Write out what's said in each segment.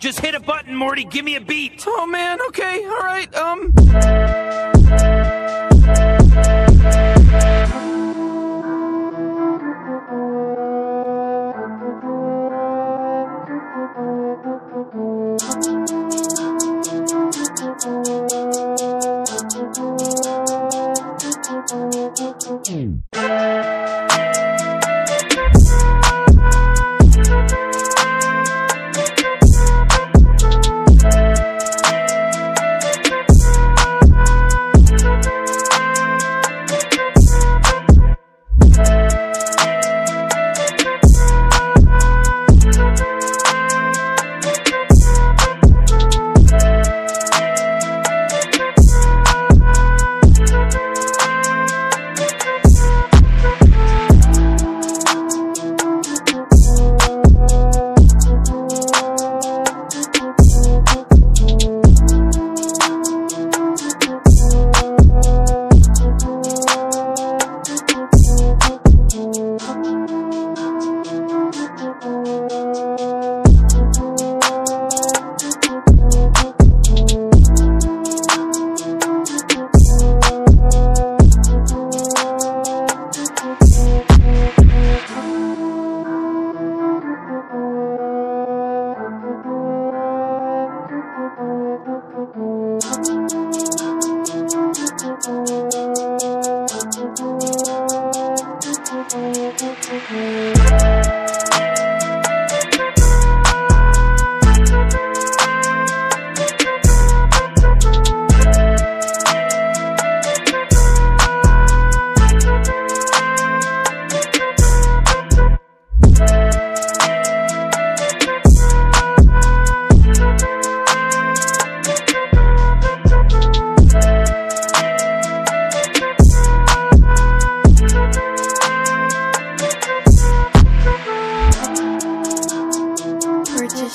Just hit a button, Morty. Give me a beat. Oh, man. Okay. All right. Um. Mm.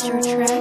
your track.